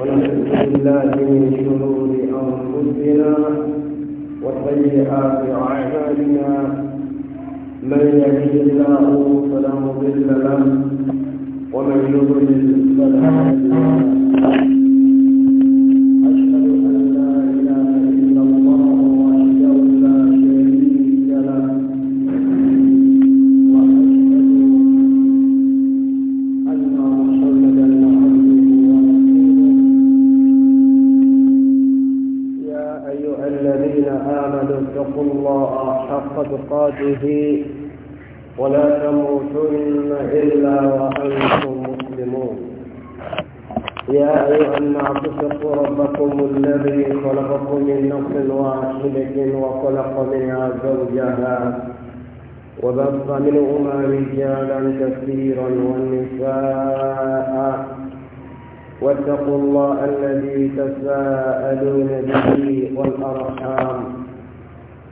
ونعوذ بالله من شرور أنفسنا وسيئات أعمالنا من يهده الله فلا مضل له ومن يضلل فلا هادي له به ولا تموتن إلا وأنتم مسلمون يا أيها الناس اتقوا ربكم الذي خلقكم من نفس واحدة وخلق منها زوجها وبث منهما رجالا كثيرا والنساء واتقوا الله الذي تساءلون به والأرحام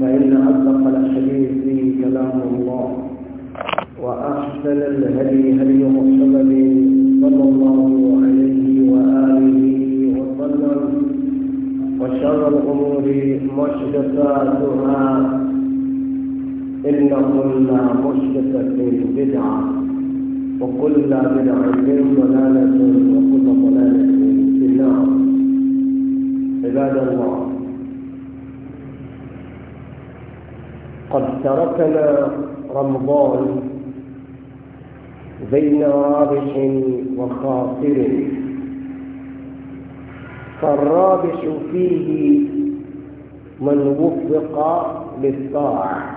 فإن أصدق الحديث كلام الله وأحسن الهدي هدي محمد صلى الله عليه وآله وسلم وشر الأمور محدثاتها إن كل محدثة بدعة وكل بدعة ضلالة وكل ضلالة في النار عباد الله قد تركنا رمضان بين رابح وخاسر فالرابح فيه من وفق للطاعة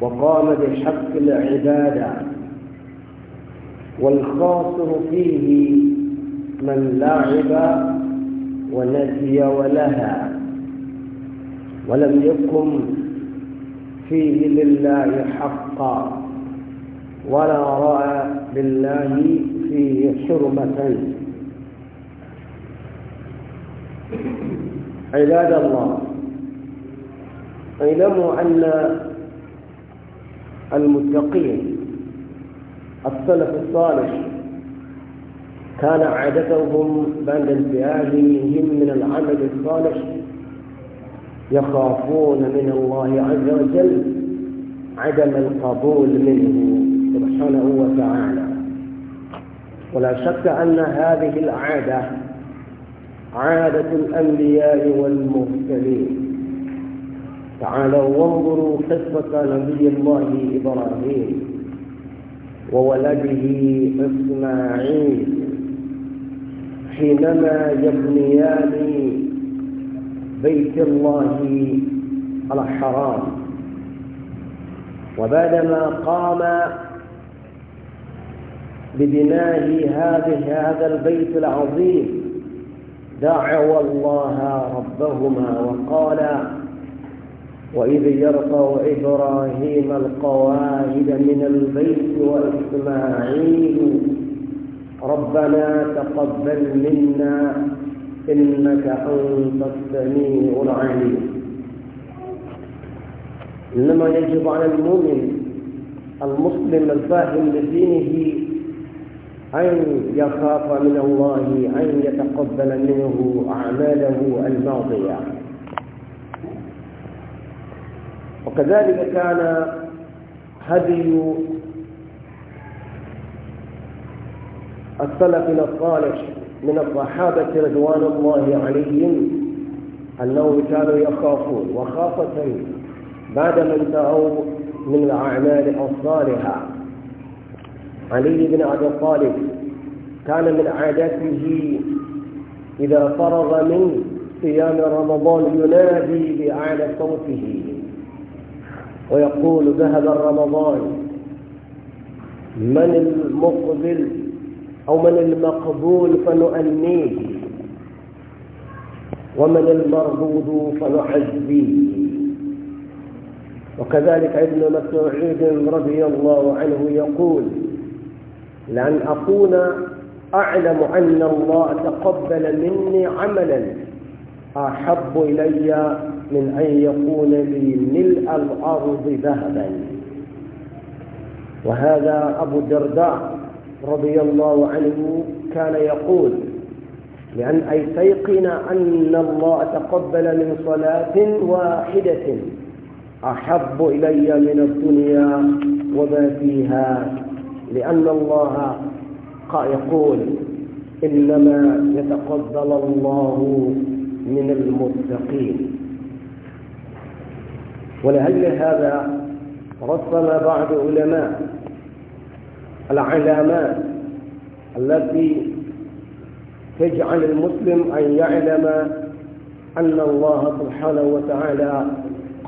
وقام بحق العبادة والخاسر فيه من لعب ونسي ولها ولم يقم فيه لله حقا ولا رأى لله فيه حرمة عباد الله اعلموا أن المتقين السلف الصالح كان عادتهم بعد انتهائهم من العمل الصالح يخافون من الله عز وجل عدم القبول منه سبحانه وتعالى ولا شك أن هذه العادة عادة الأنبياء والمرسلين تعالوا وانظروا قصة نبي الله إبراهيم وولده إسماعيل حينما يبنيان بيت الله على الحرام وبعدما قام ببناء هذه هذا البيت العظيم دعوا الله ربهما وقال وإذ يرفع إبراهيم القواعد من البيت وإسماعيل ربنا تقبل منا إنك أنت السميع العليم إنما يجب على المؤمن المسلم الفاهم لدينه أن يخاف من الله أن يتقبل منه أعماله الماضية وكذلك كان هدي السلف الصالح من الصحابة رضوان الله عليهم أنهم كانوا يخافون وخاصة بعد ما انتهوا من الأعمال الصالحة علي بن أبي طالب كان من عادته إذا فرغ من صيام رمضان ينادي بأعلى صوته ويقول ذهب رمضان من المقبل أو من المقبول فنؤنيه ومن المردود فنعزيه وكذلك ابن مسعود رضي الله عنه يقول لأن أكون أعلم أن الله تقبل مني عملا أحب إلي من أن يكون لي ملء الأرض ذهبا وهذا أبو الدرداء رضي الله عنه كان يقول لأن أيقن أن الله تقبل من صلاة واحدة أحب إلي من الدنيا وما فيها لأن الله يقول إنما يتقبل الله من المتقين ولعل هذا رسم بعض علماء العلامات التي تجعل المسلم أن يعلم أن الله سبحانه وتعالى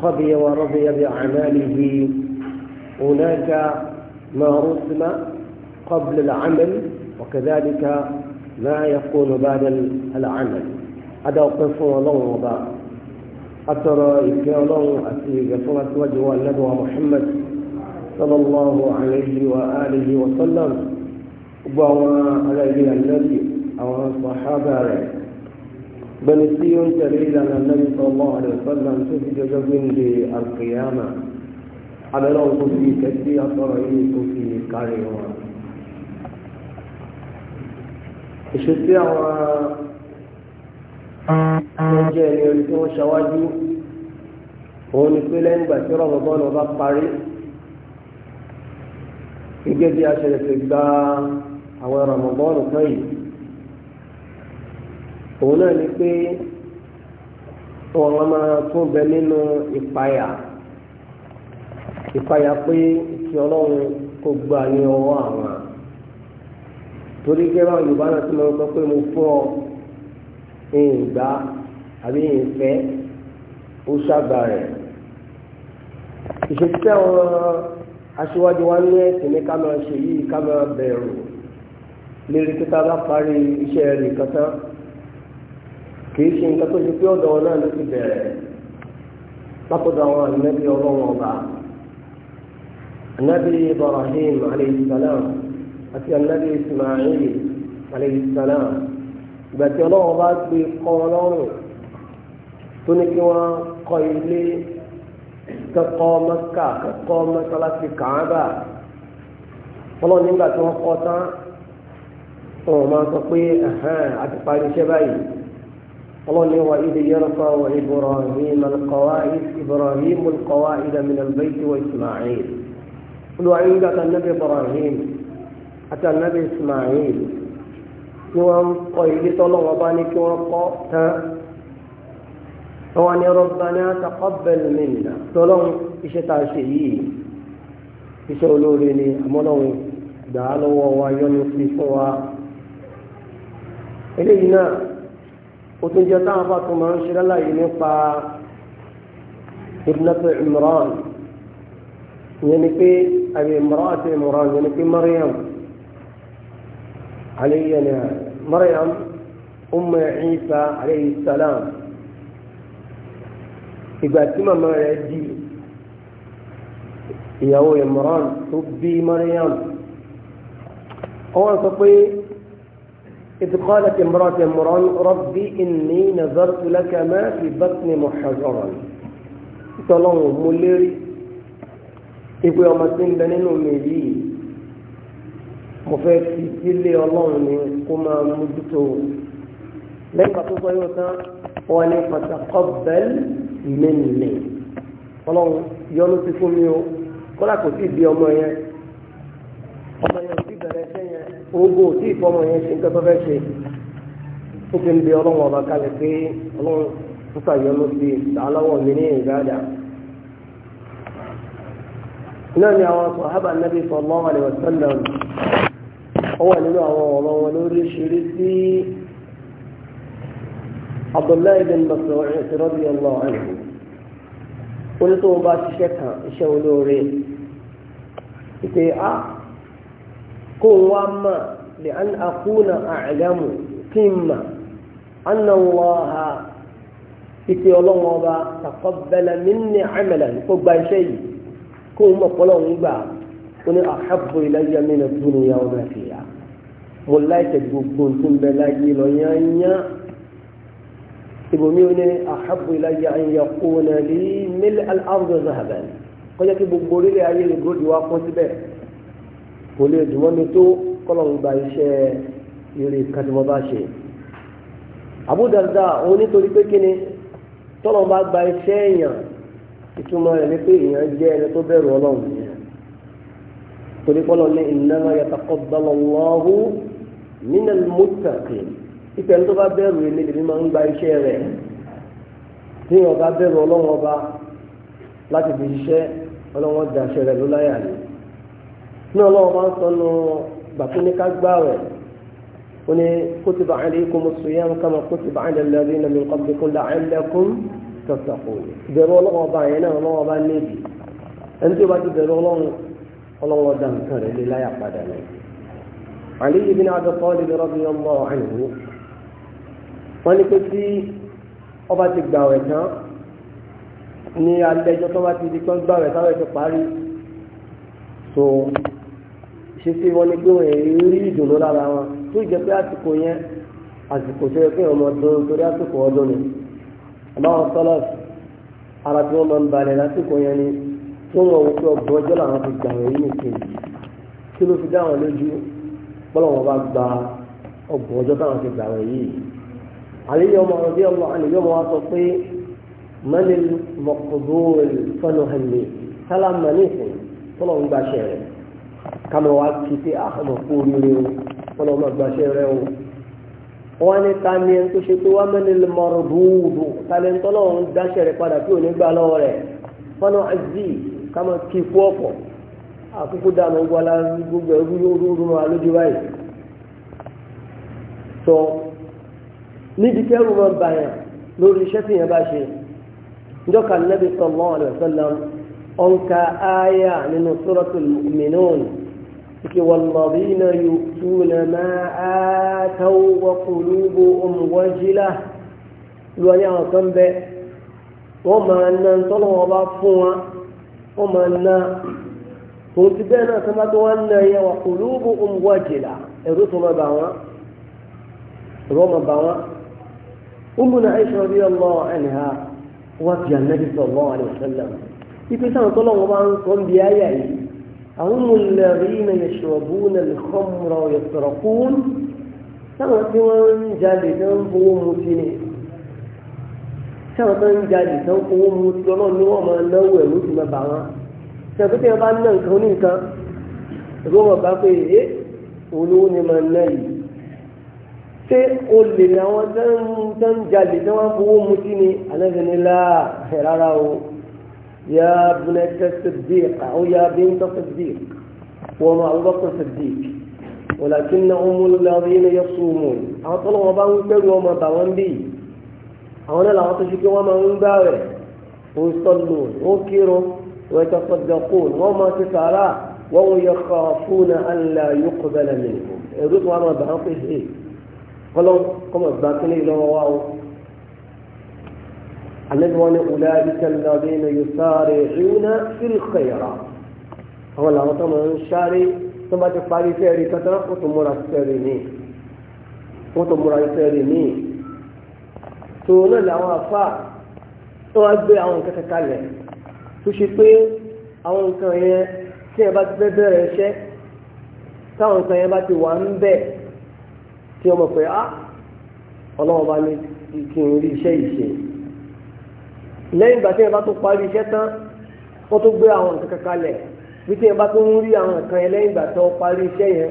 قضي ورضي بأعماله هناك ما رسم قبل العمل وكذلك ما يكون بعد العمل هذا وقف الله وضع أترى إكرام الله أتيك فرس وجه النبوة محمد sallallahu alayhi wa alihi wa sallam gbogbo àwọn ará ilé ànábì àwọn sàhábà rẹ̀ bẹni tí ó ń tẹ̀lé ìlànà ànábì sallallahu alayhi wa sallam tó fi jọjọ́ gbéǹde àkèyàmà abẹ́rẹ́ òkú orí tí wọ́n ṣáwájú òun ni pé lẹ́yìn ìgbà tí rọ̀mọ́bọ́ọ̀nù bá parí gẹ́gẹ́ bí a ṣe lè fi gba àwọn ramọ̀bọ́ọ̀lù kan yìí òun náà ni pé wọn máa tún bẹ nínú ìpayà ìpayà pé kí ọlọ́run kò gba ní ọwọ́ àwọn torí pé báwọn yorùbá náà ti máa ń pé mo fún ọ ìgbà àbí ìfẹ́ ó ṣàgbà rẹ̀ ìṣètìtẹ́ àwọn aṣíwájú wa ní ẹ̀sìn ní ká máa ṣe yìí ká máa bẹ̀rù lérí pé tá a bá parí iṣẹ́ rẹ̀ nìkan tán kì í ṣe nǹkan tó ṣe pé ọ̀dọ̀ wọn náà ló ti bẹ̀rẹ̀ látọ̀dọ̀ àwọn ànábì ọlọ́wọ́n ọba ànábì Ibrahim alayhi salam àti ànábì Ismail alayhi salam ìgbà tí ọlọ́wọ́n bá gbé kọ́ ọlọ́run tó ní kí wọ́n kọ́ ilé kẹ́kọ́ mẹ́kà kẹ́kọ́ mẹ́sálásí kàábà ọlọ́run nígbà tí wọ́n kọ́ tán wọn máa sọ pé a ti parí iṣẹ́ báyìí ọlọ́run ní wa ìdè yẹ́rọ̀fà wa ibrahim alqawaid ibrahim alqawaid min albayt wa ismail olùwà nígbà tí anabi ibrahim àti anabi ismail ni wọ́n kọ́ ilé tọ́lọ́wọ́ bá ní kí wọ́n kọ́ tán wọ́n ní rabbana taqabbal minna tọ́lọ́hún iṣẹ́ tá a ṣe yìí iṣẹ́ olóore ni àmọ́lọ́hún gbà á lọ́wọ́ wa yọ́nú sí fún wa. eléyìí náà ó tún jẹ́ táwọn afáàtún máa ń ṣe láláyé nípa ibnatu Imran ìyẹn ni pé àbí imra'atu Imran ìyẹn ni pé Maryam aleyhi Maryam ummu Isa aleyhi salam ìgbà tí màmá rẹ̀ di ìyàwó Imran tó bí Mariam ọwọ́n sọ pé إذ قالت امرأة عمران ربي إني نذرت لك ما في بطني محررا tọ́lọ́run mú lérí ipò ọmọ tí ń bẹ nínú mi yìí mo fẹ́ fi sílé ọlọ́run ni kó máa mójútó lẹ́yìn pàtó sọ yóò tán wọn ni pàtàkọ́ bẹ́ẹ̀ ilé nìlè ọlọ́run yọnu ti fún mi o kọ́lá kò sí ibi ọmọ yẹn ọmọ yẹn ò sí bẹ̀rẹ̀ ṣẹ́ yẹn oògùn ò sí ìfọmọ yẹn ṣe nǹkan tó fẹ́ ṣe ó ti ń bẹ ọlọ́run ọba kalẹ̀ pé ọlọ́run nípa yọnu sí ìdáláwọ̀ mi ní ìgbàdà náà ni àwọn sàhábà nàbí sallallahu alaihi wasallam ó wà nínú àwọn ọ̀rọ̀ wọn lóríṣiríṣi Abdullahi bin Mas'ud radiyallahu anhu onítòwò bá ṣiṣẹ́ kan iṣẹ́ olóore ìpè á kó wá mà lè an àkúnà àgámù kí n mà anna Allaha ìpè ọlọ́wọ́n bá taqabbala minni amalan kó gba iṣẹ́ yìí kó n mọ̀ pọ́lọ́ ń gbà ó ní ahabbu ilayya mina dunya wa ma fiha mo láìsẹ̀ gbogbo tó láyé lọ yányán ibòmí ó ní ahabbu ilayya an yakuna li mil al-ardi zahaban kọjá kí gbogbo orílẹ̀ ayé ìgò ìwà pọ́n síbẹ̀ kò lè dùn mọ́mi tó kọ́lọ́n gba iṣẹ́ eré kàtìmọ́ bá ṣe Abu Darda òun nítorí pé kíni tọ́lọ́n bá gba iṣẹ́ èèyàn ìtumọ̀ rẹ̀ ni pé èèyàn jẹ́ ẹni tó bẹ̀rù ọlọ́run nìyẹn torí kọ́lọ́n ní innama yataqabbalu Allahu minal muttaqin ìfẹ́ ní tó bá bẹ̀rù ilé lèmi máa ń gba iṣẹ́ rẹ̀ tí wọn bá bẹ̀rù ọlọ́wọ́n ọba láti fi ṣiṣẹ́ ọlọ́wọ́n da iṣẹ́ rẹ̀ ló láyà ni ní ọlọ́wọ́n máa ń sọ nu gbàtúnika gbà rẹ̀ ó ní kutiba alaykumus siyam kama kutiba ala alladhina min qablikum la'allakum tattaqun bẹ̀rù ọlọ́wọ́n ọba yẹn náà ọlọ́wọ́n ọba níbi ẹni tí ó bá ti bẹ̀rù ọlọ́wọ́n ọlọ́wọ́n علي بن عبد الطالب رضي الله عنه wọ́n ní pé tí ọba ti gbà wẹ̀ tán ní alẹ́jọ́ tó bá ti di tán gbà wẹ̀ táwọn ẹ̀sẹ̀ parí so ṣe sí wọn ni pé wọn èyí rí ìdùnnú lára wọn tó jẹ pé àsìkò yẹn àsìkò tó yẹ pé ọmọ ọdún torí àsìkò ọdún ni àbáwọn sọlọ́ọ̀sì ara tí wọ́n máa ń balẹ̀ lásìkò yẹn ni tí wọ́n wọ́n pé ọgbọ̀n ọjọ́ làwọn fi gbà wẹ̀ yìí nìkan kí ló fi dá wọn lójú bọ́lá wọn bá gba ọgbọ̀n ọjọ́ táwọn fi gbà wẹ̀ yìí علي يوم رضي الله عنه يوم واسطي من المقبول فنهني سلام منيسن طلعوا باشير كما واسطي أحمد قولي طلعوا باشير wọ́n ní ta ni ẹni tó ṣe pé wọ́n mẹ́ni lè mọ rúdúùdù ta ni tọ́lọ́run dáṣẹ́ rẹ̀ padà tí ò ní gbà lọ́wọ́ rẹ̀ fọ́nà àjí ká máa kí ikú ọ̀pọ̀ àkókò dànù gbọ́lá gbogbo ẹrú yóò rúru máa lójú báyìí. sọ níbi kẹrù máa ń bà yẹn lórí iṣẹ́ tí yẹn bá ṣe njọ́ka nabi sallallahu alayhi wa sallam ọ̀nka aya nínú suratul mu'minun ike walladhina yu'tuna ma ataw wa qulubuhum wajilah lọ ní àwọn kan bẹ wọ́n máa na tọ́lọ́ wọn bá fún wa wọ́n máa na tòun ti bẹ́ẹ̀ náà sábà tó wá ń na yẹn wa qulubuhum wajilah ẹ̀rú tó máa bà wọ́n ẹ̀rú máa bà wọ́n. أمنا عائشة رضي الله عنها وفي النبي صلى الله عليه وسلم يقول سنة الله وبعن قم بآيائي هم الذين يشربون الخمر ويسرقون سنة من جالدا فهو مسيني سنة من جالدا فهو مسيني الله نوما نوى مسيما بعما سنة من جالدا فهو مسيني سنة من جالدا فهو مسيني ṣé olè làwọn tó ń jalè tó wọ́n fowó mutí ni ànábì ní là rárá o yà bùnẹ́tẹ̀ sadiq àwọn yà bíntẹ̀ sadiq wọ́n mọ àwọn bọ́kọ̀ sadiq walakinna umul ladhina yasumun àwọn tó lọ́wọ́ bá ń gbẹ́rù ọmọ bàwọn bí àwọn náà làwọn tó ṣe pé wọ́n máa ń gbá rẹ̀ ó sọ́lù ó kírun wọ́n ti sọ́dọ̀kù wọ́n máa ti sàárà wọ́n yẹ kọ́ fún un náà ń la yókù bẹ́ẹ̀ lẹ́nu ẹ̀rú tó wà máa bàá pèsè. ọlọ́run kọ́mọ̀ gba kílé lọ́wọ́ wa o alẹ́ni wọn ni ọ̀la ìkẹlẹ́dọ́dé ni yóò sáré ìrìnà ìrìkẹ̀yàrá àwọn làwọn tó máa ń sáré tó bá ti parí iṣẹ́ rí kankan ó tún múra iṣẹ́ rí ní ó náà làwọn afá tó wá gbé àwọn nǹkan kankan lẹ̀ tó ṣe pé àwọn nǹkan yẹn tí ẹ bá ti fẹ́ bẹ̀rẹ̀ iṣẹ́ táwọn nǹkan yẹn bá ti wà ń bẹ́ẹ̀ tí ọmọ pé á ah, ọlọ́wọ́ bá ní kí n rí iṣẹ́ ìṣe lẹ́yìn ìgbà tí ẹ bá tó parí iṣẹ́ tán wọ́n tó gbé àwọn nǹkan kan kalẹ̀ bí tí ẹ bá tó ń rí àwọn nǹkan yẹn lẹ́yìn ìgbà tó parí iṣẹ́ yẹn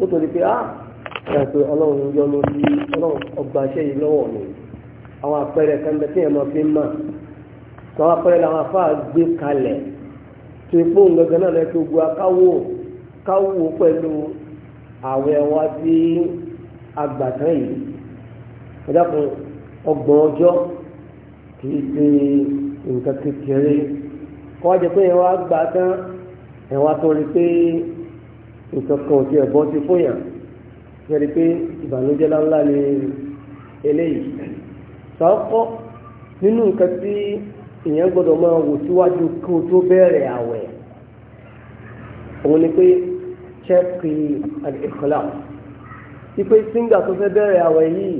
ó tó di pé á ah, ẹ pé ọlọ́run yọ lórí ọlọ́run ọgbà iṣẹ́ yìí lọ́wọ́ mi àwọn àpẹẹrẹ kan bẹ tí ẹ máa fi mà tó àwọn àpẹẹrẹ làwọn afáà gbé kalẹ̀ tó ipò ńlọgàn náà lẹ́ẹ̀kí ogun akáwò káwò agbàtàn yìí ìdákun ọgbọ̀n ọjọ́ kì í ṣe nǹkan kékeré kọ́ jẹ́ pé ẹ̀wọ̀n agbàtàn ẹ̀wọ̀n tó rí pé nǹkan kan ò ti ẹ̀bọ́ ti fún yàn ṣe rí pé ìbànújẹ́ láńlá ni eléyìí sọ́kọ́ nínú nǹkan tí èèyàn gbọ́dọ̀ máa wò síwájú kí o tó bẹ̀rẹ̀ àwẹ̀ òun ni pé chẹ́ẹ̀kì al-ikhlas ipe singa tó fẹ́ bẹ̀rẹ̀ àwẹ̀ yìí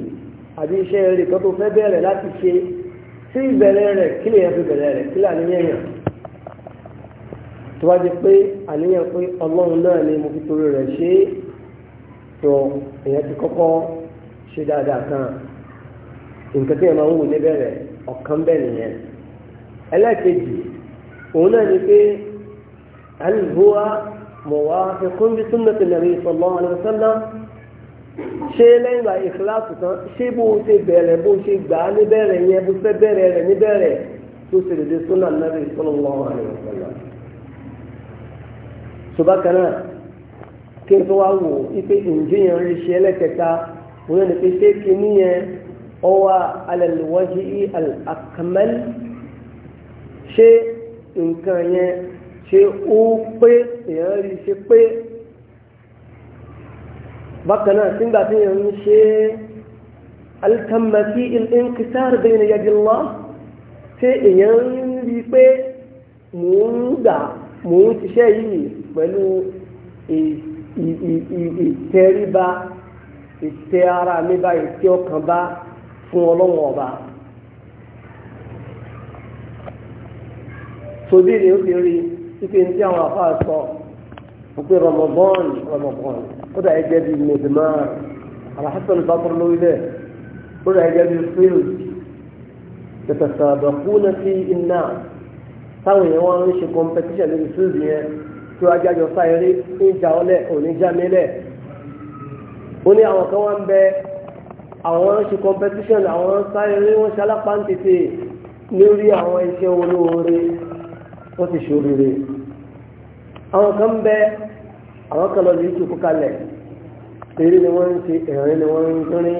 àbí iṣẹ́ rẹ̀ kan tó fẹ́ bẹ̀rẹ̀ láti ṣe sí ìbẹ̀rẹ̀ rẹ̀ kí lè yẹn fi bẹ̀rẹ̀ rẹ̀ kí lè àníyàn yàn tó bá di pé àníyàn pé ọlọ́run náà ni mo fi torí rẹ̀ ṣe é tó èèyàn ti kọ́kọ́ ṣe dáadáa kan nǹkan tí èèyàn máa ń wò níbẹ̀rẹ̀ ọ̀kan bẹ́ẹ̀ nìyẹn ẹlẹ́ẹ̀kejì òun náà ni pé àlùbọ́wá mọ̀wá fi kún bí sunnati nàbí sallallahu alaihi ṣé lẹ́yìn ìgbà ìkíláàsì tán ṣé bó o ṣe bẹ̀rẹ̀ bó o ṣe gbà á níbẹ̀rẹ̀ yẹn bó o fẹ́ bẹ̀rẹ̀ rẹ̀ níbẹ̀rẹ̀ tó ṣe lè dé súnà nàbì sallallahu alaihi wasallam. ṣùgbọ́n kan náà kí n tó wá wò ipe ìjìyàn rí ṣe ẹlẹ́kẹta òun ni pé ṣé kinní yẹn ọwọ́ alẹ́ lùwọ́jì al-akmal ṣé nǹkan yẹn ṣé ó pé èèyàn rí ṣe pé bákan náà sígbà tí yẹn ń ṣe alikamati al-inqisar bayna yadi Allah ṣé èèyàn ń rí i pé mò ń gbà mò ń ṣiṣẹ́ yìí pẹ̀lú ìtẹríba ìtẹ ara mi bá ọkàn bá fún ọlọ́wọ́n ọba. sòbí rèé ó fi rí i tí àwọn àfáà sọ wípé Ramadan Ramadan ó dà ẹgbẹ́ bíi mẹ̀dìmáà àlàáfíà bàbá lórí bẹ́ẹ̀ ó dà ẹgbẹ́ bíi fíìlì tẹ̀tẹ̀sàbẹ̀kúnà sí iná táwọn èèyàn wọn ń ṣe kọ́mpẹ́tíṣàn lórí fíìlì yẹn tí wọ́n ajájọ sáyẹrí níjà ọlẹ̀ oníjà mílẹ̀ ó ní àwọn kan wá ń bẹ àwọn ń ṣe kọ́mpẹ́tíṣàn àwọn sáyẹrí wọn ṣalápá ń tètè lórí àwọn iṣẹ́ olóore wọ́n ti ṣoríire. àwọn kan bẹ àwọn kan lọ sí ìtòkú kalẹ̀ eré ni wọ́n ń ṣe ni wọ́n rin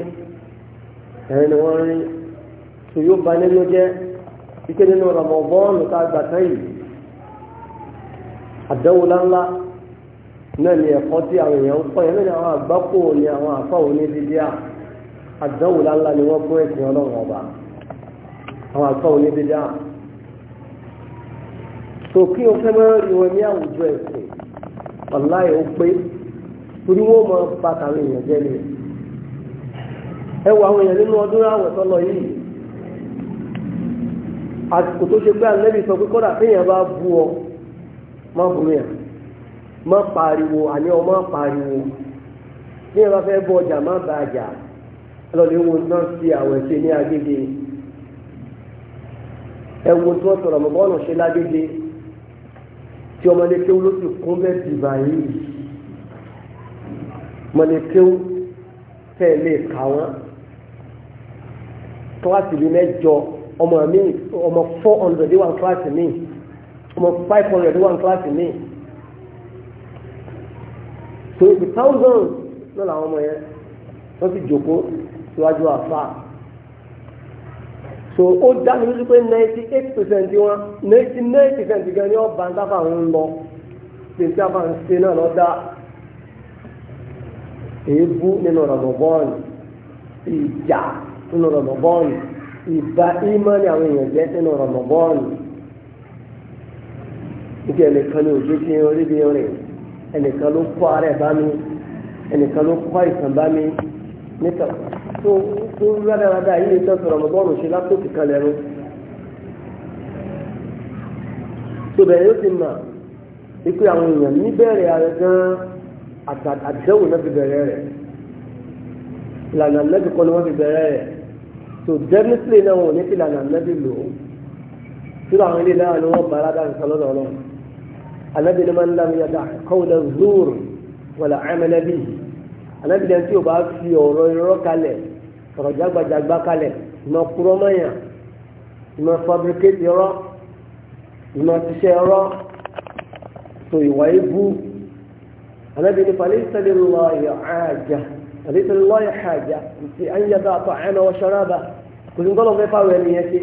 ẹ̀rín ni wọ́n rin tó yóò ba nínú jẹ́ ike nínú rọmọbọ́ọ̀nù tá a gbà tán yìí àdánwò láńlá náà ni ẹ̀kọ́ tí àwọn èèyàn ń kọ́ yẹn lónìí àwọn àgbákò ni àwọn àfáwò ní dídí à àdánwò ni ọba àwọn àfáwò ní dídí à. so kí o fẹ́ mọ́ rí ya ní àwùjọ ẹ̀sìn ọ̀láyé ó pé torí wọ́n máa bá tàwọn èèyàn jẹ́ ni ẹ wọ àwọn èèyàn nínú ọdún àwẹ̀ tó lọ yìí àsìkò tó ṣe pé àlẹ́bí sọ pé kọ́dà téèyàn bá bu ọ má bú yàn má pariwo àní ọ má pariwo téèyàn bá fẹ́ bọ ọjà má àjà wo náà ní agége ẹ wo tó sọ̀rọ̀ mọ́ ṣe lágége. tí ọmọdé kéwú ló sì kún bẹ́ẹ̀ ti báyìí ọmọdé kéwú tẹ̀ lè kà wọ́n kíláàsì bíi mẹ́jọ ọmọ mi ọmọ four hundred wà ní kíláàsì mi ọmọ five hundred wà ní kíláàsì mi twenty thousand náà làwọn ọmọ yẹn wọ́n sì jókòó síwájú àfáà so ó dá mi lójú pé ninety eight percent wọn ninety nine percent gan ni wọn bá ń sábà ń lọ pèsè àbá ń ṣe náà lọ́dá èébú nínú ọ̀rọ̀ bọ́ọ̀lù ìjà nínú ọ̀rọ̀ bọ́ọ̀lù ìbá ìmọ̀ ní àwọn èèyàn jẹ́ nínú ọ̀rọ̀ bọ́ọ̀lù níbi ẹnìkan ní òjò kí n rí bí rìn ẹnìkan ló kọ́ ara ẹ̀ bá mi ẹnìkan ló kọ́ ìtàn bá mi níta tó tó ń rádaràdà yìí lè tẹ́sán ọmọbọ́ọ̀rù ṣe látòkì kan lẹ́nu. tòbẹ̀ yóò ti mà ikú àwọn èèyàn níbẹ̀rẹ̀ ààrẹ gan-an àdéhùn náà fi bẹ̀rẹ̀ rẹ̀ ìlànà nẹ́bí kọ́ ni wọ́n fi bẹ̀rẹ̀ rẹ̀ tó dẹ́mísìlẹ̀ náà wọ́n ní fi ìlànà nẹ́bí lò ó sínú àwọn ilé náà ni wọ́n bá aládàá nǹkan ọlọ́run anábì ni ọ̀rọ̀ jágbàjàgbà kalẹ̀ ìmọ̀ kúrọ́ mọ̀yàn ìmọ̀ fabricate ọ̀rọ̀ ìmọ̀ ṣiṣẹ́ ọ̀rọ̀ tó ìwà ibú anábì ní falẹ́sẹ̀lélọ́ ìhàjà falẹ́sẹ̀lélọ́ ìhàjà ti ànyàdá àtọ̀ àyànà ọ̀ṣọ́rábà kò sí gbọ́dọ̀ fẹ́fà rẹ̀ nìyẹn ṣe.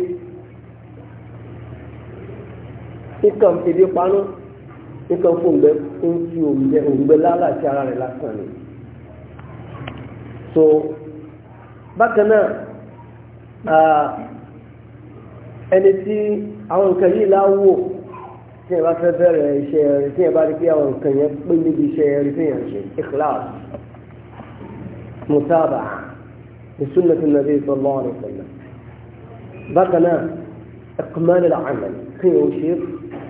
nǹkan fìdí panu nǹkan fún òǹgbẹ ń fi òǹgbẹ òǹgbẹ lálàá ara rẹ̀ lásán ni. so bákan náà ẹni tí àwọn nǹkan yìí láwò tí ẹ bá fẹ́ bẹ̀rẹ̀ iṣẹ́ rẹ̀ tí ẹ bá rí pé àwọn nǹkan yẹn pé níbi iṣẹ́ rẹ̀ tí yẹn ṣe ikhlas mutaba ní sunnati nabi sallallahu alaihi wasallam bákan náà ikmal al-amal kí o ṣe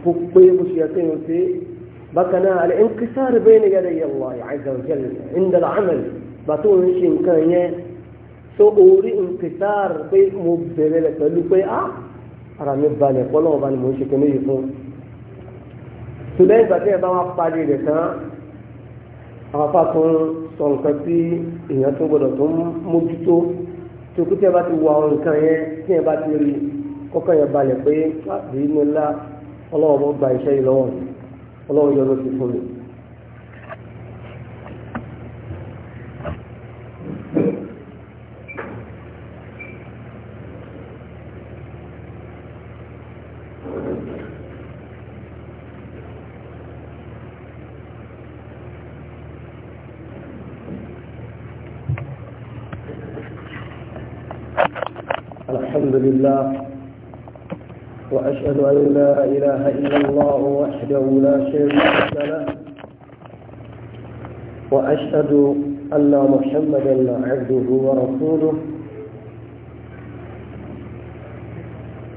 kó pé kó ṣe kí o ṣe bákan náà al-inkisar bayna yadayi Allah azza wa jalla inda al-amal bàtò ń ṣe nǹkan yẹn tó orí nkìtàr pé mo bẹ̀rẹ̀ rẹ̀ pẹ̀lú pé á ah, ara mi balẹ̀ pọ́lọ́wọ́ bá ni mò ń ṣe kíní yìí fún. sùlẹ̀ ìgbà tí ẹ bá wá parí rẹ̀ tán àwọn afá tó ń sọ nǹkan tí èèyàn tó gbọdọ̀ tó ń mójútó tó kú tí ẹ bá ti wọ àwọn nǹkan yẹn tí ẹ bá ti rí kọ́kọ́ yẹn balẹ̀ pé àbí ah, nílá ọlọ́wọ́ gba iṣẹ́ yìí lọ́wọ́ ọlọ́wọ́ yọ ló ti fún mi. أشهد أن لا إله إلا الله وحده لا شريك له وأشهد أن محمدا عبده ورسوله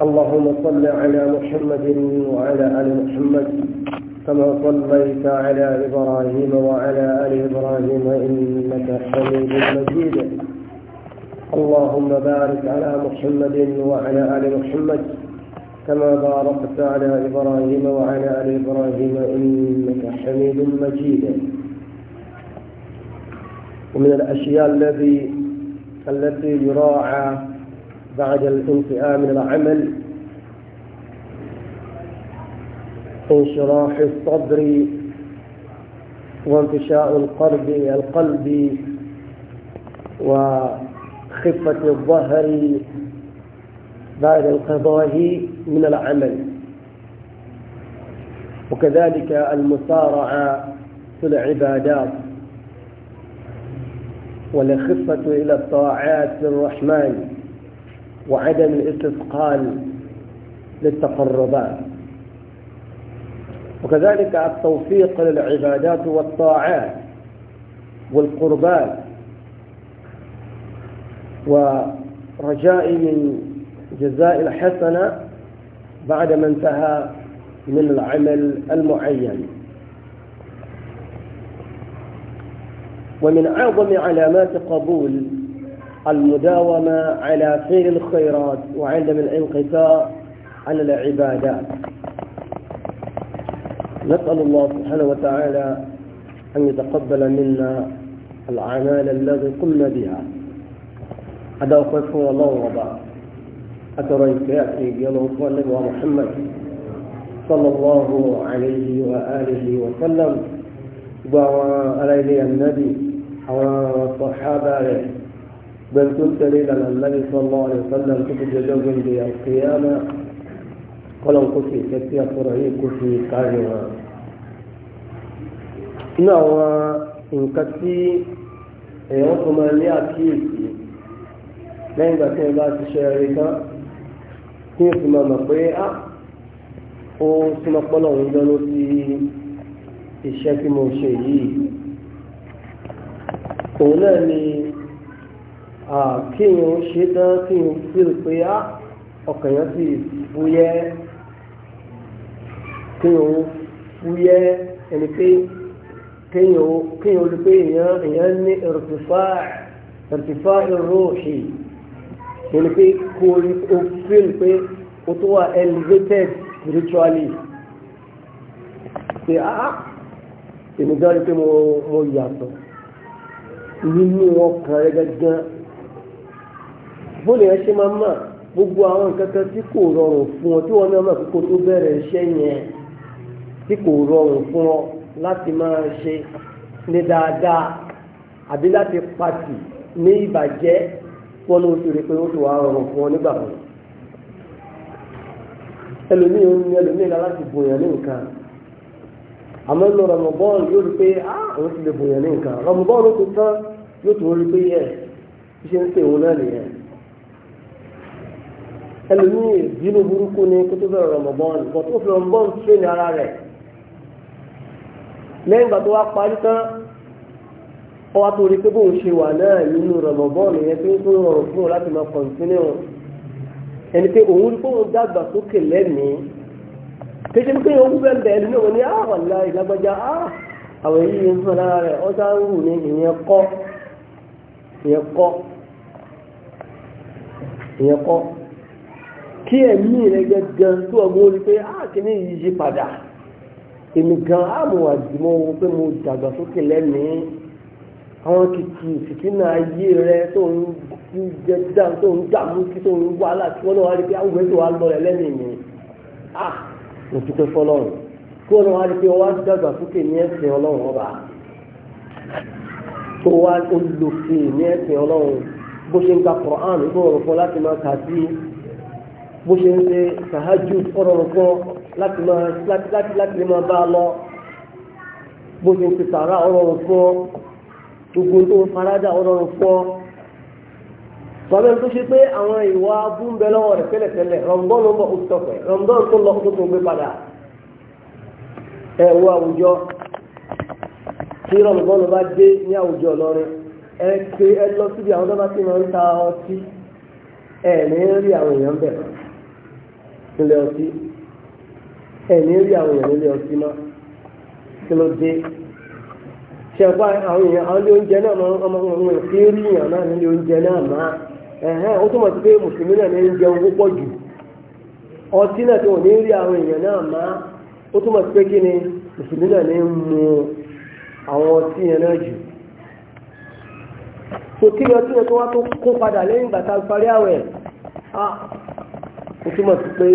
اللهم صل على محمد وعلى آل محمد كما صليت على إبراهيم وعلى آل إبراهيم إنك حميد مجيد اللهم بارك على محمد وعلى آل محمد كما باركت على إبراهيم وعلى آل إبراهيم إنك حميد مجيد ومن الأشياء الذي التي يراعى بعد الانتهاء من العمل انشراح الصدر وانتشاء القلب القلب وخفة الظهر بعد القضاء من العمل وكذلك المسارعة في العبادات والخفة إلى الطاعات للرحمن وعدم الاستثقال للتقربات وكذلك التوفيق للعبادات والطاعات والقربات ورجائي من جزاء الحسنة بعدما انتهى من العمل المعين ومن أعظم علامات قبول المداومة على فعل الخيرات وعدم الانقطاع عن العبادات نسأل الله سبحانه وتعالى أن يتقبل منا الأعمال التي قمنا بها هذا هو الله وبعض أترى إكراتي قالوا النبي محمد صلى الله عليه وآله وسلم وعلى النبي وصحابه بل كنت ليلا النبي صلى الله عليه وسلم كنت جدوجا بالقيامة قالوا كفي كفي أترى كفي كاجوا نعم nǹkan tí èèyàn tó máa ní àkíyèsí lẹ́yìn ìgbà tí o sì máa mọ̀ pé á ah, ó súnmọ́ pọ́lọ̀ ń lọ́nà sí iṣẹ́ tí mo ṣe yìí òun náà ni kíyàn ṣe tán kíyàn fíl pé á ah, ọkàn yẹn sì fúyẹ́ kíyàn fúyẹ́ ẹni pé kíyàn ó rí pé èèyàn ní ìrtìfá ìrtìfá ìròhìn yẹni pé kó o feel pé o tó wà elevated spiritually ṣe ah, ah èmi gan ni pé mo mo yàtọ̀ nínú ọkàn rẹ gángan bóyá ẹ ṣe máa mà gbogbo àwọn nǹkan kan tí kò rọrùn fún ọ tí wọn náà mà kókó tó bẹ̀rẹ̀ iṣẹ́ yẹn tí kò rọrùn fún ọ láti máa ṣe ní dáadáa àbí láti pàtì ní ìbàjẹ́ wọ́n ló ti rí pé ó ti wà rọrùn fún ọ nígbà kan ẹlòmíì ó ní ẹlòmíì láti bòyàn ní nǹkan àmọ́ inú rọmọbọ́ọ̀lù yóò rí pé àwọn ah, ti lè bòyàn ní nǹkan rọmọbọ́ọ̀lù tó tán yóò tó rí pé yẹ ń ṣe òun náà nìyẹn ìbínú burúkú ni kó tó bẹ̀rẹ̀ tó fi ní ara rẹ̀ lẹ́yìn tó wá parí ọwá tó rí pé bóun ṣe wà náà nínú rọmọbọ́ọ̀lù yẹn tó ń tó rọrùn fún un láti máa kọ̀ǹtínú ẹni pé òun rí bóun dàgbà sókè lẹ́mìí kéṣe pé òun bẹ́ẹ̀ bẹ́ẹ̀ nínú òun ní àwàlá ah, ìlágbájá ah, àwọn èyí ń fún ara rẹ̀ ọ́sá ń wù ní ìyẹn kọ́ ìyẹn kọ́ ìyẹn kọ́ kí ẹ̀mí rẹ̀ gẹ́gẹ́ tó ọgbọ́n orí pé àkíní ah, yìí yí padà èmi gan-an àmọ́ àdìmọ́ pé mo dàgbà sókè àwọn kìkì fìtínà ayé rẹ tó ń jẹ dáa tó ń dààmú kí tó ń wàhálà tí wọ́n náà wá rí pé àwọn ìgbésẹ̀ wa lọ rẹ̀ lẹ́nu mi ah mo dúpẹ́ fọlọ́run kí wọ́n náà wá rí pé wọ́n wá dàgbà sókè ní ẹ̀sìn ọlọ́run ọba tó wá olùkè ní ẹ̀sìn ọlọ́run bó ṣe ń ka Qur'an bó rọrùn fún láti máa kà sí bó ṣe ń ṣe sàhájú ọrọrùn fún láti máa láti láti lè máa bá a lọ bó ṣe ń ṣe sàrà ọrọrùn fún gbogbo tó faradà ọlọ́run fọ́ bàbá tó ṣe pé àwọn ìwà búńbẹ lọ́wọ́ rẹ̀ tẹ́lẹ̀tẹ́lẹ̀ rọ̀ǹdọ́n ló mọ̀ òtítọ́pẹ̀ rọ̀ǹdọ́n tó lọ tó tó gbé padà ẹ̀wọ́ àwùjọ tí rọ̀ǹdọ́n bá dé ní àwùjọ lọ́rin ẹ pé ẹ lọ síbi àwọn dábàá tí wọ́n ń ta ọtí ẹ ní rí àwọn èèyàn bẹ̀ nílé ọtí ẹ ní rí àwọn èèyàn nílé ọtí náà kí ló dé ṣẹ̀gbá àwọn èèyàn àwọn ilé oúnjẹ náà ọmọ ọmọ ìfẹ́ rí yàn náà nílé oúnjẹ náà má ẹ̀hẹ́n ó túmọ̀ sí pé mùsùlùmí náà ní jẹun púpọ̀ jù ọtí náà tó ní rí àwọn èèyàn náà má ó túmọ̀ sí pé kí ni mùsùlùmí náà ní mu àwọn ọtí yẹn náà jù kò kí ni ọtí yẹn tó wá tó kó padà lẹ́yìn ìgbà tá a parí àwẹ̀ á ó túmọ̀ sí pé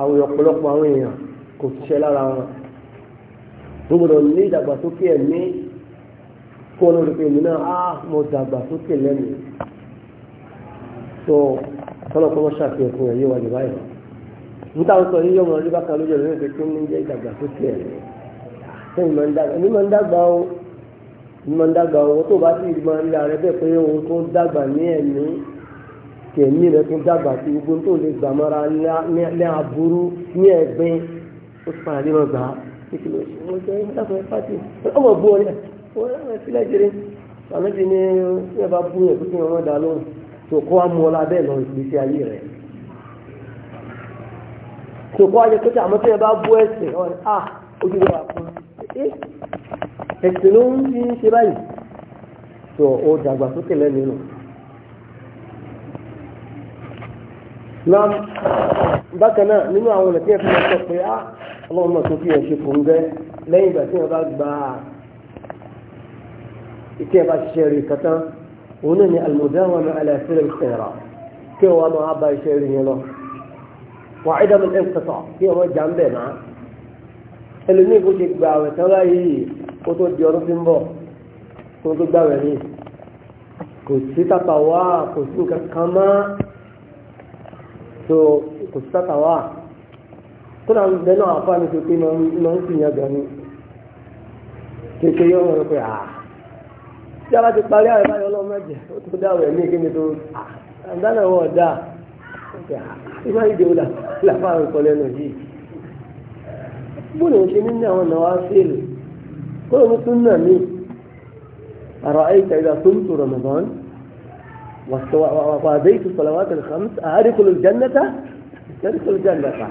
ọ̀pọ̀lọpọ̀ àwọn èèyàn kò tó gbọdọ̀ ní ìdàgbàsókè ẹ̀mí kó o lórí pé èmi náà á ah, mọ dàgbàsókè lẹ́nu tó kọ́lọ́kọ́ wọ́n ṣàfihàn fún ẹ̀yẹ́ wa jù báyìí níta ń sọ yí yọmọ rí bákan lójú ẹ̀rọ pé kí ní jẹ́ ìdàgbàsókè ẹ̀mí sẹ́yìn máa ń dàgbà ẹ̀mí máa ń dàgbà ó ẹ̀mí máa ń dàgbà ó tó bá sì máa ń rí ààrẹ bẹ́ẹ̀ pé òun tó dàgbà ní ẹ̀mí kẹ̀mí rẹ̀ tó dàgbà sí gbogbo tó lè gbàmọ́ra ní ìkìlò ìṣòro ìdáfẹ́ pàtì ọmọ bú ọlẹ́ ọlẹ́ sílẹ̀ jẹrẹ àmẹ́bí ni ẹ bá bú yẹn pípín ọmọ dà lóhùn tó kọ́ wa mú ọlá bẹ́ẹ̀ lọ ìgbésí ayé rẹ̀ tó kọ́ ayé pé àmọ́ tí ẹ bá bú ẹsẹ̀ ọ̀rẹ́ à ojú ló wà fún ẹ ẹsẹ̀ ló ń fi ṣe báyìí ọlọ́run náà tó fi hàn ṣe kòńgẹ́ lẹ́yìn ìgbà tí wọ́n bá gba ìtí ẹ̀ bá ṣiṣẹ́ rí kàtán òun náà ni almudawama ala fil khairat kí wọ́n máa bá iṣẹ́ rí yẹn lọ. wà á dàbí ẹ̀ kàtà kí wọ́n jà ń bẹ̀ náà ẹlòmíì kò ṣe gba àwẹ̀ tán báyìí kó tó di ọdún tí ń bọ̀ kó tó gbà wẹ̀ ní kò sí tàtàwá kò sí nǹkan kan máa tó kò sí tàtàwá kódà ń bẹ náà àfa mi ṣe pé máa ń sìn yàn gan ni kéèké yọ ọ̀rọ̀ pé à tí a bá ti parí àrẹ báyọ̀ ọlọ́mọ ẹ̀jẹ̀ ó tó dáwọ̀ ẹ̀mí kí ni tó àdánà wọ̀ dá ìgbà yìí dèwò làbá àwọn ìkọ̀ lẹ́nu yìí bóyá ṣe nínú àwọn náà wá fèlè kóyọ̀ mi tún nà mí àrà àìsà ìdá tó ń tó Ramadan wàdé ìtúsọ̀lá wà tẹ̀lé kàmú àárí kòló jannata àárí kòló jannata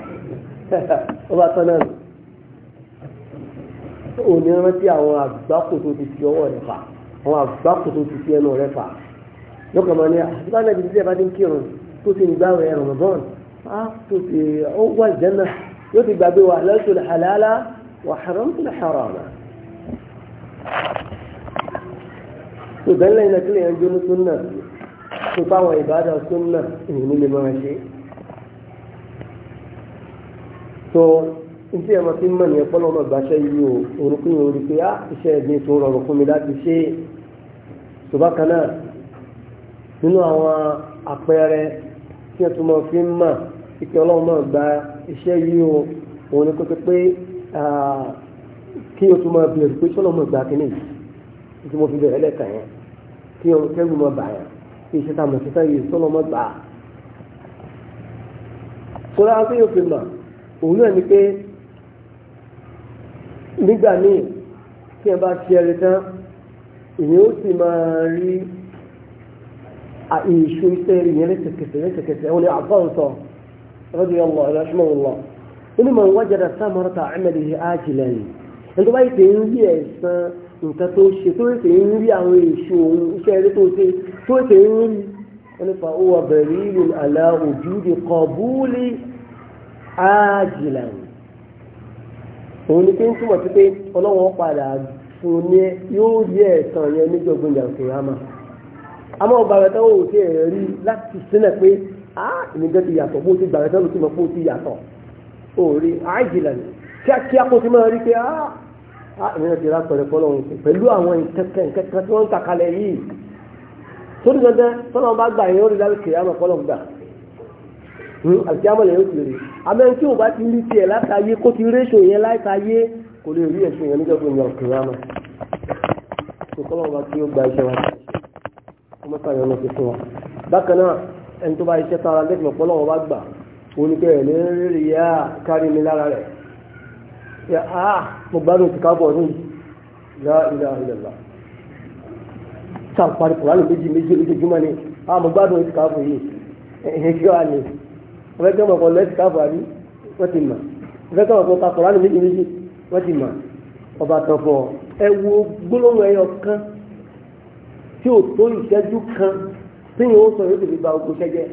ó bá tán náà ò ní rántí àwọn àgbákò tó ti fi ọwọ́ rẹ̀ fà àwọn àgbákò tó ti fi ẹnu rẹ̀ fà lọ́kàn máa ní àtúntà náà ti bá ti ń kírun tó ti ń gbá rẹ̀ rọ̀mọ̀bọ́n á ah, tó ti ó wà jẹ́nà yóò ti gbàgbé wa lọ́sùn àlàálá wà haramtu harama. tó bẹ́ẹ̀ lẹ́yìn náà kílẹ̀ yẹn jóná súnà tó báwọn ìbádà súnà ìrìn máa ṣe So ntí ẹ̀ máa fi mọ̀ nìyẹn pọ́nlọ́ ọmọ ìgbàṣẹ́ yìí o orúkún yìí orí pé á ah, iṣẹ́ ẹ̀mí tó rọrùn fún mi láti ṣe é ṣùgbọ́n kan náà nínú àwọn àpẹẹrẹ tí ẹ̀ tó máa fi mọ̀ ìkẹ́ ọlọ́run máa gba iṣẹ́ yìí o òun ni kókó pé kí o tó máa bẹ̀rù pé sọ́nà máa gba kínní tí mo fi bẹ̀rẹ̀ lẹ́ka yẹn kí o kẹ́rù máa bà yẹn kí iṣẹ́ tá a mọ̀ sí òun náà ni pé nígbà míì tí ẹ bá ṣe ẹrẹ tán èyàn ó sì máa rí ìṣó iṣẹ́ rẹ̀ yẹn lẹ́sẹ̀kẹsẹ̀ lẹ́sẹ̀kẹsẹ̀ òun ni àbọ̀nsọ rọ́dí ọlọ́ ẹ̀rọ ṣùgbọ́n ọlọ́ inú mọ̀ wájà dá sámọ́rọ́ta àmẹ́lẹ̀ yìí ájìlẹ̀ ni ẹni tó bá yìí tẹ̀ ń rí ẹ̀sán nǹkan tó ṣe tó tẹ̀ ń rí àwọn èṣù òun iṣẹ́ eré tó ṣe tó tẹ̀ ń rí wọn ni fa ó wà ìlú àlà òjú ájìlá òun ni pé ń túmọ̀ sí pé padà fún ní yóò yẹ ẹ̀sán yẹn níjọ́gbọ̀n jàǹkìrámà àmọ́ ọgbà rẹ̀ tán ò tiẹ̀ rí láti sílẹ̀ pé á ìnìjọ́ ti yàtọ̀ bó ti gbà rẹ̀ tán ti mọ̀ pé ó ti yàtọ̀ ó rí kíákíá kó ti máa rí pé á ti rà pẹ̀lú àwọn ìkẹ́kẹ́ ìkẹ́kẹ́ tí wọ́n ń yìí tó àtìyámọ̀ lẹ́yìn òsì rè amẹ́rin tí ò bá ti rí tiẹ̀ látàyé kó ti réṣò yẹn látàyé kò lè rí ẹ̀sùn yẹn níjọba ìyàn kìlámà kò kọ́ lọ́wọ́ bá tí ó gba iṣẹ́ wa kó mọ́ sàyẹn ọ̀nà tuntun wa bákan náà ẹni tó bá iṣẹ́ tara lẹ́gbẹ̀ẹ́ pọ́ lọ́wọ́ bá gbà oníkẹ́ ẹ̀ lérí yá kárí mi lára rẹ̀ yà á mo gbádùn ti kábọ̀ ni ọ̀fẹ́ kí wọ́n kọ́ lẹ́sì káfọ́ àbí wọ́n ti mà ọ̀fẹ́ kí wọ́n kọ́ kakọ̀rọ̀ àná méjì méjì wọ́n ti mà ọba tán fọ ẹ wo gbólóhùn ẹyọ kan tí ò tó ìṣẹ́jú kan tí yóò sọ yóò tètè gba ogun ṣẹ́jẹ́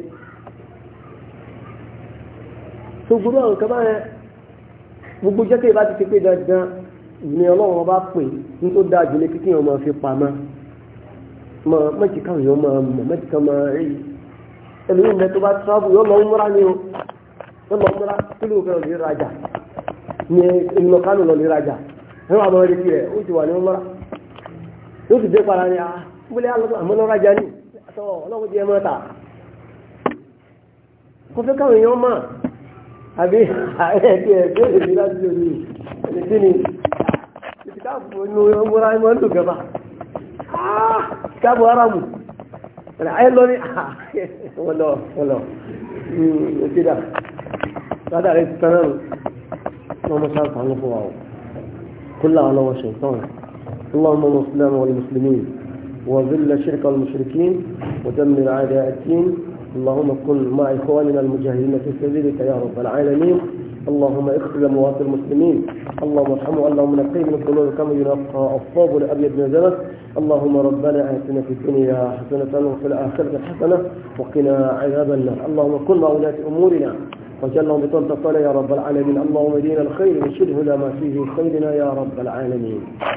tó gbúdọ̀ àwọn kan báyẹn gbogbo jẹ́kẹ́ ìbá ti ti pé dandan ni ọlọ́run ọba pè ní tó dáa jù ní kíkí ọmọ fi pamọ́ mọ̀ mọ̀tìkà yóò máa mọ̀ mọ̀tìkà máa rí ẹlòmíì ń bẹ tó bá tíráàbù yóò lọ múra ni o yóò lọ múra kí ló fẹ́ lọ lè rajà ní ìlú kánò lọ lè rajà ẹ̀rọ àmọ́ ẹ̀rí kiri ẹ̀ ó ti wà ní múra yóò ti dé para ni ah múlẹ̀ àmọ́ lọ rajà ni àtọ̀ ọlọ́run jẹ́ mọ́ta kò fẹ́ káwọn èèyàn mọ̀ àbí ẹ̀ẹ́dì ẹ̀ẹ́dì ó lè rí láti lórí ẹ̀ẹ́dì kí ni ìtìkáàbù inú múra ẹ̀mọ́ ń dùn gẹ́fà ah, ìtìkáàbù aráàmù. أنا عيل لوني والله والله كده هذا rẹ ti ما lọ́wọ́ mọ́ sáà fàánù fún wa o kó láwọn lọ́wọ́ ṣèǹtàn والمسلمين وذل الشرك والمشركين ودمر اعداء الدين اللهم كن مع اخواننا المجاهدين في سبيلك يا رب العالمين اللهم اغفر لموات المسلمين اللهم ارحمه اللهم نقيه من الذنوب كما ينقى الصوب الابيض من الدنس اللهم ربنا اتنا في الدنيا حسنه وفي الاخره حسنه وقنا عذاب النار اللهم كن مع ولاه امورنا وجلهم بطلب يا رب العالمين اللهم دين الخير وشده لما فيه خيرنا يا رب العالمين